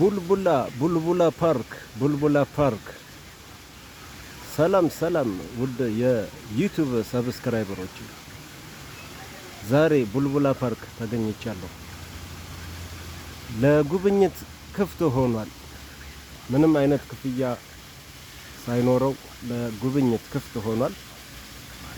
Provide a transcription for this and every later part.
ቡልቡላ ቡልቡላ ፓርክ ቡልቡላ ፓርክ። ሰላም ሰላም ውድ የዩቲዩብ ሰብስክራይበሮች፣ ዛሬ ቡልቡላ ፓርክ ተገኝቻለሁ። ለጉብኝት ክፍት ሆኗል። ምንም አይነት ክፍያ ሳይኖረው ለጉብኝት ክፍት ሆኗል።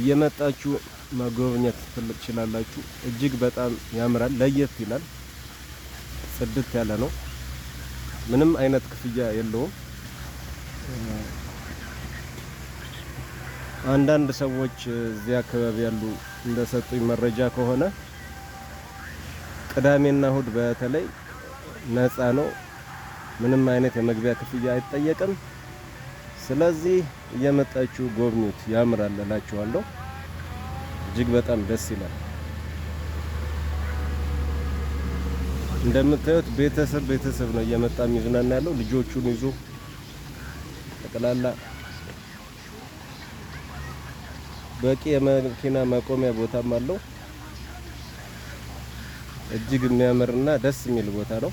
እየመጣችሁ መጎብኘት ትልቅ ትችላላችሁ። እጅግ በጣም ያምራል፣ ለየት ይላል፣ ጽድት ያለ ነው። ምንም አይነት ክፍያ የለውም። አንዳንድ ሰዎች እዚያ አካባቢ ያሉ እንደሰጡኝ መረጃ ከሆነ ቅዳሜና እሁድ በተለይ ነፃ ነው። ምንም አይነት የመግቢያ ክፍያ አይጠየቅም። ስለዚህ እየመጣችሁ ጎብኙት፣ ያምራል እላችኋለሁ። እጅግ በጣም ደስ ይላል። እንደምታዩት ቤተሰብ ቤተሰብ ነው እየመጣ የሚዝናና ያለው ልጆቹን ይዞ ጠቅላላ በቂ የመኪና መቆሚያ ቦታም አለው። እጅግ የሚያምርና ደስ የሚል ቦታ ነው።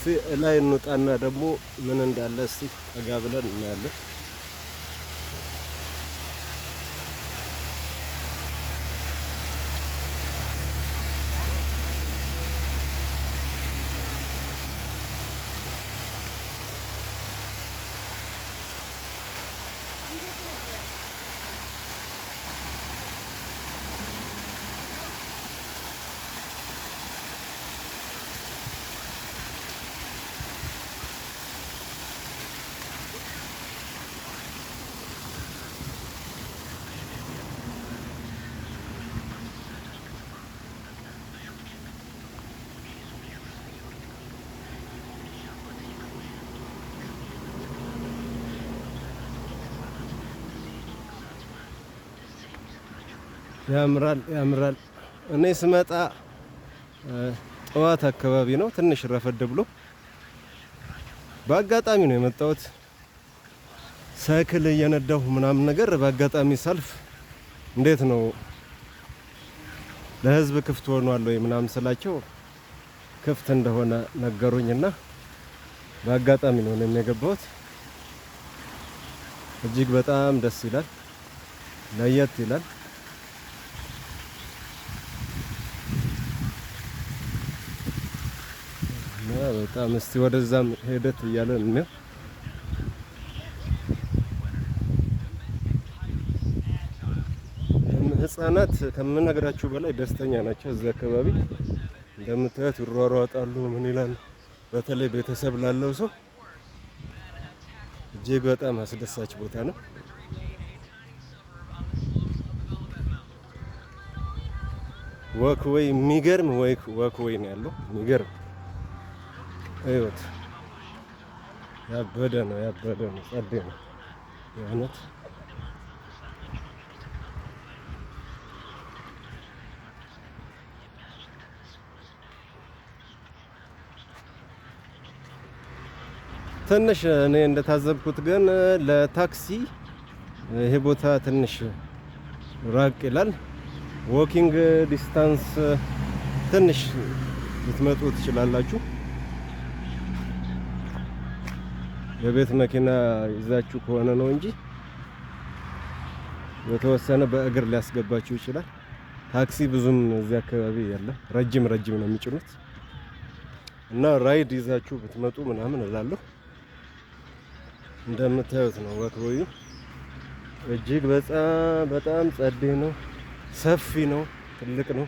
እስቲ ላይ እንውጣና ደግሞ ምን እንዳለ እስቲ ጠጋ ብለን እናያለን። ያምራል ያምራል። እኔ ስመጣ ጠዋት አካባቢ ነው፣ ትንሽ ረፈድ ብሎ በአጋጣሚ ነው የመጣሁት። ሳይክል እየነዳሁ ምናምን ነገር በአጋጣሚ ሰልፍ እንዴት ነው ለህዝብ ክፍት ሆኗል ወይ ምናምን ስላቸው ክፍት እንደሆነ ነገሩኝና በአጋጣሚ ነው እኔም የገባሁት። እጅግ በጣም ደስ ይላል፣ ለየት ይላል። በጣም እስቲ ወደዛም ሄደት እያለ ነው። ህጻናት ከምነግራችሁ በላይ ደስተኛ ናቸው። እዚህ አካባቢ እንደምታዩት ይሯሯጣሉ፣ ምን ይላል በተለይ ቤተሰብ ላለው ሰው እጅግ በጣም አስደሳች ቦታ ነው። ወክ ወይ የሚገርም ወይ ወክ ወይ ነው ያለው የሚገርም እዩት። ያበደ ነው፣ ያበደ ነው፣ ጸዴ ነው የእውነት ትንሽ እኔ እንደታዘብኩት ግን ለታክሲ ይሄ ቦታ ትንሽ ራቅ ይላል። ዎኪንግ ዲስታንስ ትንሽ ልትመጡ ትችላላችሁ። የቤት መኪና ይዛችሁ ከሆነ ነው እንጂ የተወሰነ በእግር ሊያስገባችሁ ይችላል። ታክሲ ብዙም እዚህ አካባቢ የለም። ረጅም ረጅም ነው የሚጭኑት እና ራይድ ይዛችሁ ብትመጡ ምናምን እላለሁ። እንደምታዩት ነው ወክቦዩ እጅግ በጣም በጣም ጸዴ ነው፣ ሰፊ ነው፣ ትልቅ ነው።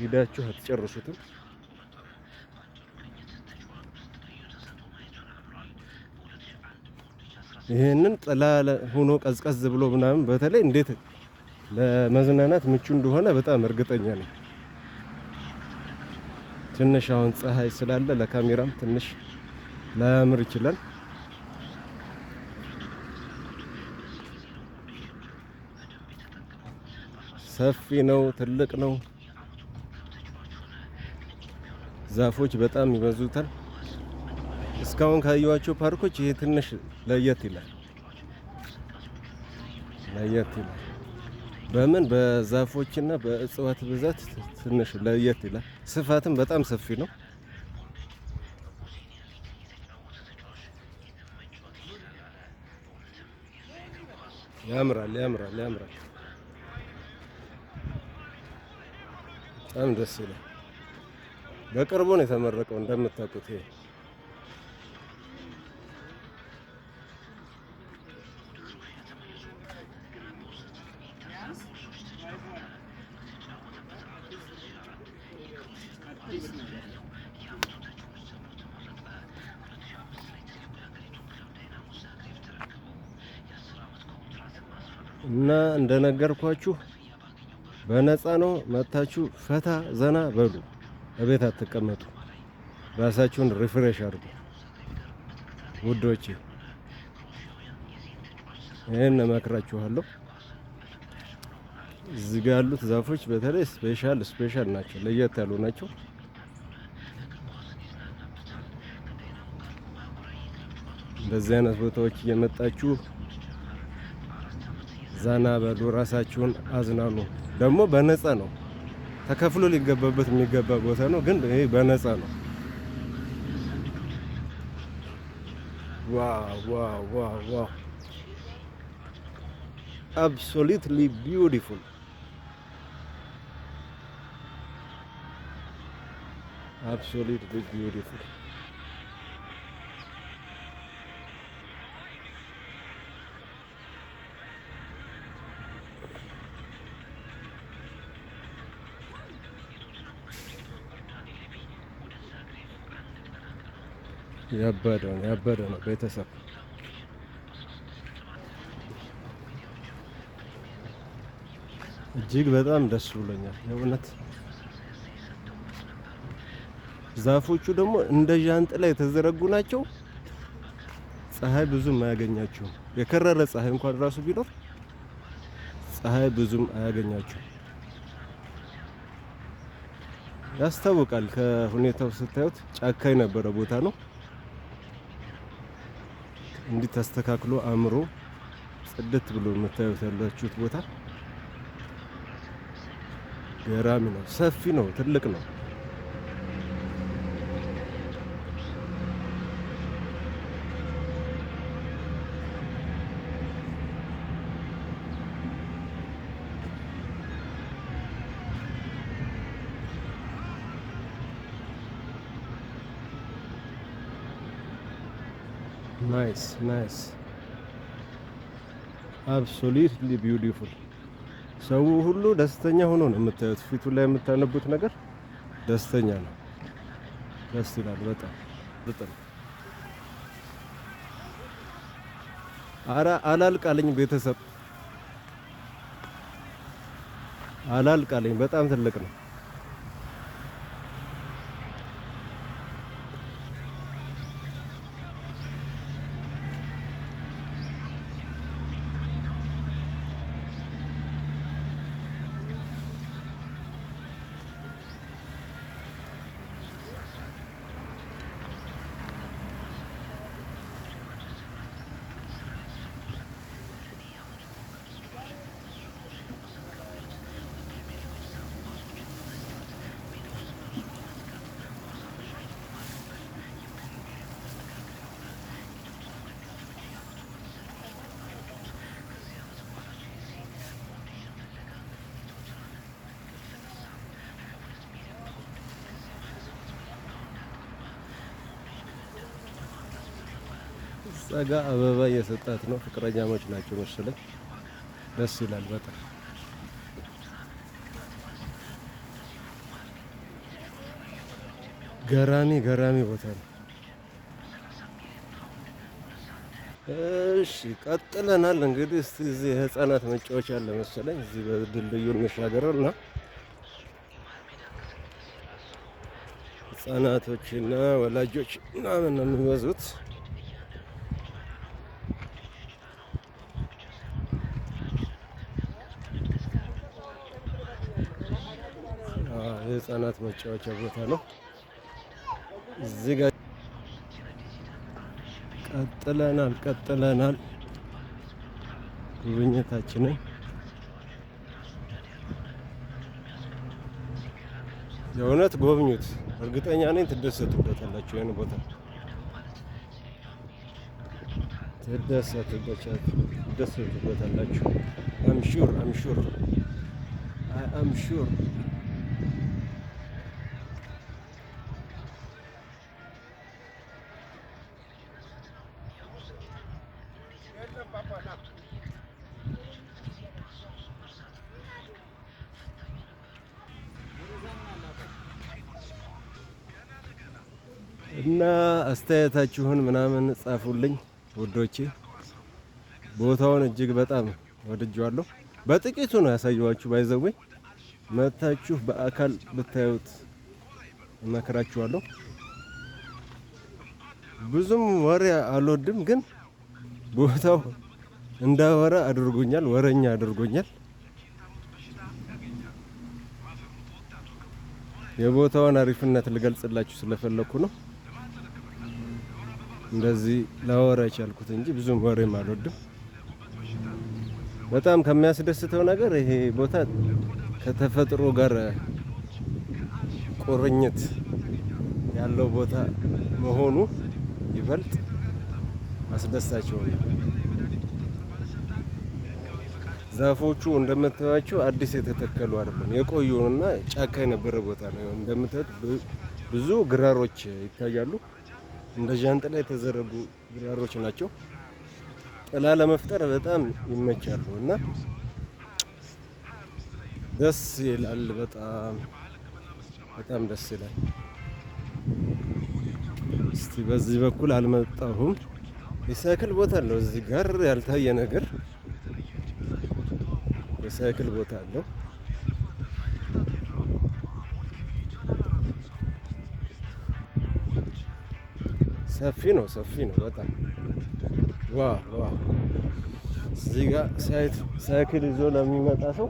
ሂዳችሁ አትጨርሱትም። ይህንን ጥላ ሆኖ ቀዝቀዝ ብሎ ምናምን በተለይ እንዴት ለመዝናናት ምቹ እንደሆነ በጣም እርግጠኛ ነኝ። ትንሽ አሁን ፀሐይ ስላለ ለካሜራም ትንሽ ላያምር ይችላል። ሰፊ ነው፣ ትልቅ ነው። ዛፎች በጣም ይበዙታል። እስካሁን ካየኋቸው ፓርኮች ይሄ ትንሽ ለየት ይላል። ለየት ይላል በምን በዛፎችና በእጽዋት ብዛት ትንሽ ለየት ይላል። ስፋትም በጣም ሰፊ ነው። ያምራል፣ ያምራል፣ ያምራል። በጣም ደስ ይላል። በቅርቡ ነው የተመረቀው እንደምታውቁት ይሄ እና እንደነገርኳችሁ በነፃ ነው። መታችሁ ፈታ ዘና በሉ። እቤት አትቀመጡ። ራሳችሁን ሪፍሬሽ አድርጉ ውዶች፣ ይህን እመክራችኋለሁ። እዚህ ጋ ያሉት ዛፎች በተለይ ስፔሻል ስፔሻል ናቸው፣ ለየት ያሉ ናቸው። እንደዚህ አይነት ቦታዎች እየመጣችሁ ዘና በሉ፣ ራሳችሁን አዝናኑ። ደግሞ በነፃ ነው፣ ተከፍሎ ሊገባበት የሚገባ ቦታ ነው፣ ግን ይሄ በነፃ ነው። ዋው አብሶሉትሊ ቢዩቲፉል አብሶሉትሊ ቢዩቲፉል ያበደ ነው ያበደ ነው ቤተሰብ እጅግ በጣም ደስ ብሎኛል። የእውነት ዛፎቹ ደግሞ እንደ ዣንጥላ የተዘረጉ ናቸው። ፀሐይ ብዙም አያገኛቸውም። የከረረ ፀሐይ እንኳን ራሱ ቢኖር ፀሐይ ብዙም አያገኛቸውም። ያስታውቃል። ከሁኔታው ስታዩት ጫካ የነበረ ቦታ ነው። እንዲህ ተስተካክሎ አእምሮ ጽድት ብሎ የምታዩት ያላችሁት ቦታ ገራሚ ነው። ሰፊ ነው። ትልቅ ነው። ናይስ ናይስ አብሶሉትሊ ቢዩቲፉል። ሰው ሁሉ ደስተኛ ሆኖ ነው የምታዩት። ፊቱ ላይ የምታነቡት ነገር ደስተኛ ነው። ደስ ይላል በጣም በጣም። አላልቃለኝ ቤተሰብ አላልቃለኝ። በጣም ትልቅ ነው። ጠጋ አበባ እየሰጣት ነው። ፍቅረኛሞች ናቸው መሰለኝ። ደስ ይላል በጣም ገራሚ ገራሚ ቦታ ነው። እሺ ቀጥለናል። እንግዲህ እስቲ እዚህ የህፃናት መጫወቻ አለ መሰለኝ እዚህ በድልድዩ እንሻገርና ህፃናቶችና ወላጆች ምናምን ነው የሚበዙት። የህፃናት መጫወቻ ቦታ ነው። እዚህ ጋር ቀጥለናል ቀጥለናል ጉብኝታችንን። የእውነት ጎብኙት፣ እርግጠኛ ነኝ ትደሰቱበታላችሁ። ይህን ቦታ ትደሰቱበታላችሁ። አምሹር አምሹር አምሹር አስተያየታችሁን ምናምን ጻፉልኝ ውዶቼ። ቦታውን እጅግ በጣም ወድጀዋለሁ። በጥቂቱ ነው ያሳየኋችሁ። ባይዘዌ መታችሁ በአካል ብታዩት እመክራችኋለሁ። ብዙም ወሬ አልወድም፣ ግን ቦታው እንዳወራ አድርጎኛል፣ ወረኛ አድርጎኛል። የቦታውን አሪፍነት ልገልጽላችሁ ስለፈለኩ ነው። እንደዚህ ላወራ አልኩት እንጂ ብዙም ወሬ አልወድም። በጣም ከሚያስደስተው ነገር ይሄ ቦታ ከተፈጥሮ ጋር ቁርኝት ያለው ቦታ መሆኑ ይበልጥ አስደሳቸው ነው። ዛፎቹ እንደምታዩቸው አዲስ የተተከሉ አይደለም፣ የቆዩና ጫካ የነበረ ቦታ ነው። እንደምታዩት ብዙ ግራሮች ይታያሉ። እንደ ጃንጥላ የተዘረጉ ግራሮች ናቸው። ጥላ ለመፍጠር በጣም ይመቻሉ እና ደስ ይላል። በጣም በጣም ደስ ይላል። እስቲ በዚህ በኩል አልመጣሁም። የሳይክል ቦታ አለው እዚህ ጋር ያልታየ ነገር የሳይክል ቦታ አለው። ሰፊ ነው፣ ሰፊ ነው በጣም ዋ ዋ እዚህ ጋር ሳይክል ይዞ ለሚመጣ ሰው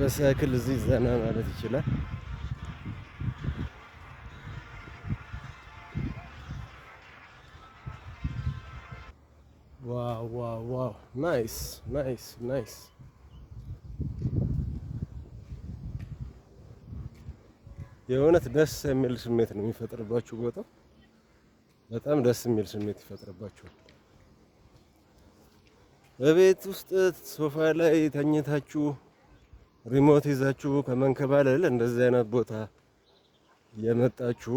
በሳይክል እዚህ ዘና ማለት ይችላል። ዋው ዋው ዋው ናይስ ናይስ ናይስ የእውነት ደስ የሚል ስሜት ነው የሚፈጥርባችሁ ቦታ በጣም ደስ የሚል ስሜት ይፈጥርባችኋል። በቤት ውስጥ ሶፋ ላይ ተኝታችሁ ሪሞት ይዛችሁ ከመንከባለል እንደዚህ አይነት ቦታ የመጣችሁ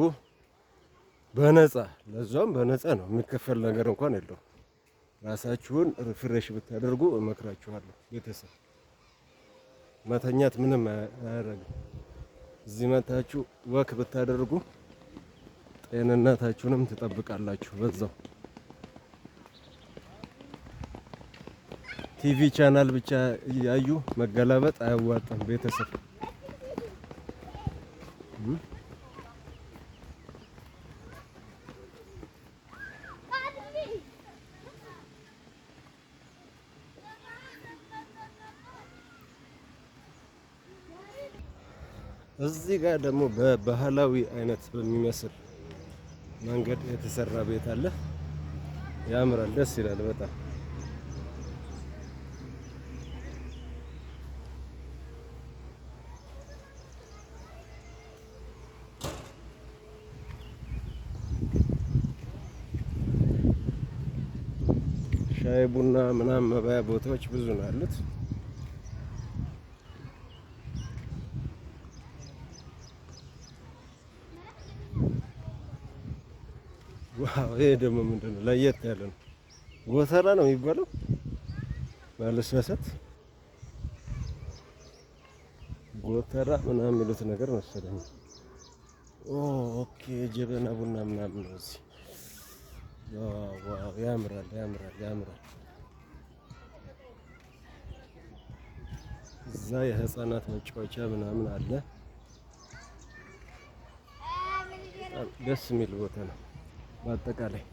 በነፃ ለዛም በነፃ ነው፣ የሚከፈል ነገር እንኳን የለው ራሳችሁን ሪፍሬሽ ብታደርጉ እመክራችኋለሁ። ቤተሰብ መተኛት ምንም አያደርግም። እዚህ መታችሁ ወክ ብታደርጉ ጤንነታችሁንም ትጠብቃላችሁ። በዛው ቲቪ ቻናል ብቻ እያዩ መገላበጥ አያዋጣም ቤተሰብ እዚህ ጋር ደግሞ በባህላዊ አይነት በሚመስል መንገድ የተሰራ ቤት አለ። ያምራል፣ ደስ ይላል በጣም ሻይ ቡና ምናምን መባያ ቦታዎች ብዙ ነው ያሉት። ዋው ይሄ ደግሞ ምንድን ነው? ለየት ያለ ነው። ጎተራ ነው የሚባለው ባለስለሰት ጎተራ ምናምን የሚሉት ነገር መሰለኝ። ኦኬ ጀበና ቡና ምናምን ነው እዚህ። ያምራል ያምራል ያምራል። እዛ የህፃናት መጫወቻ ምናምን አለ። ደስ የሚል ቦታ ነው። በአጠቃላይ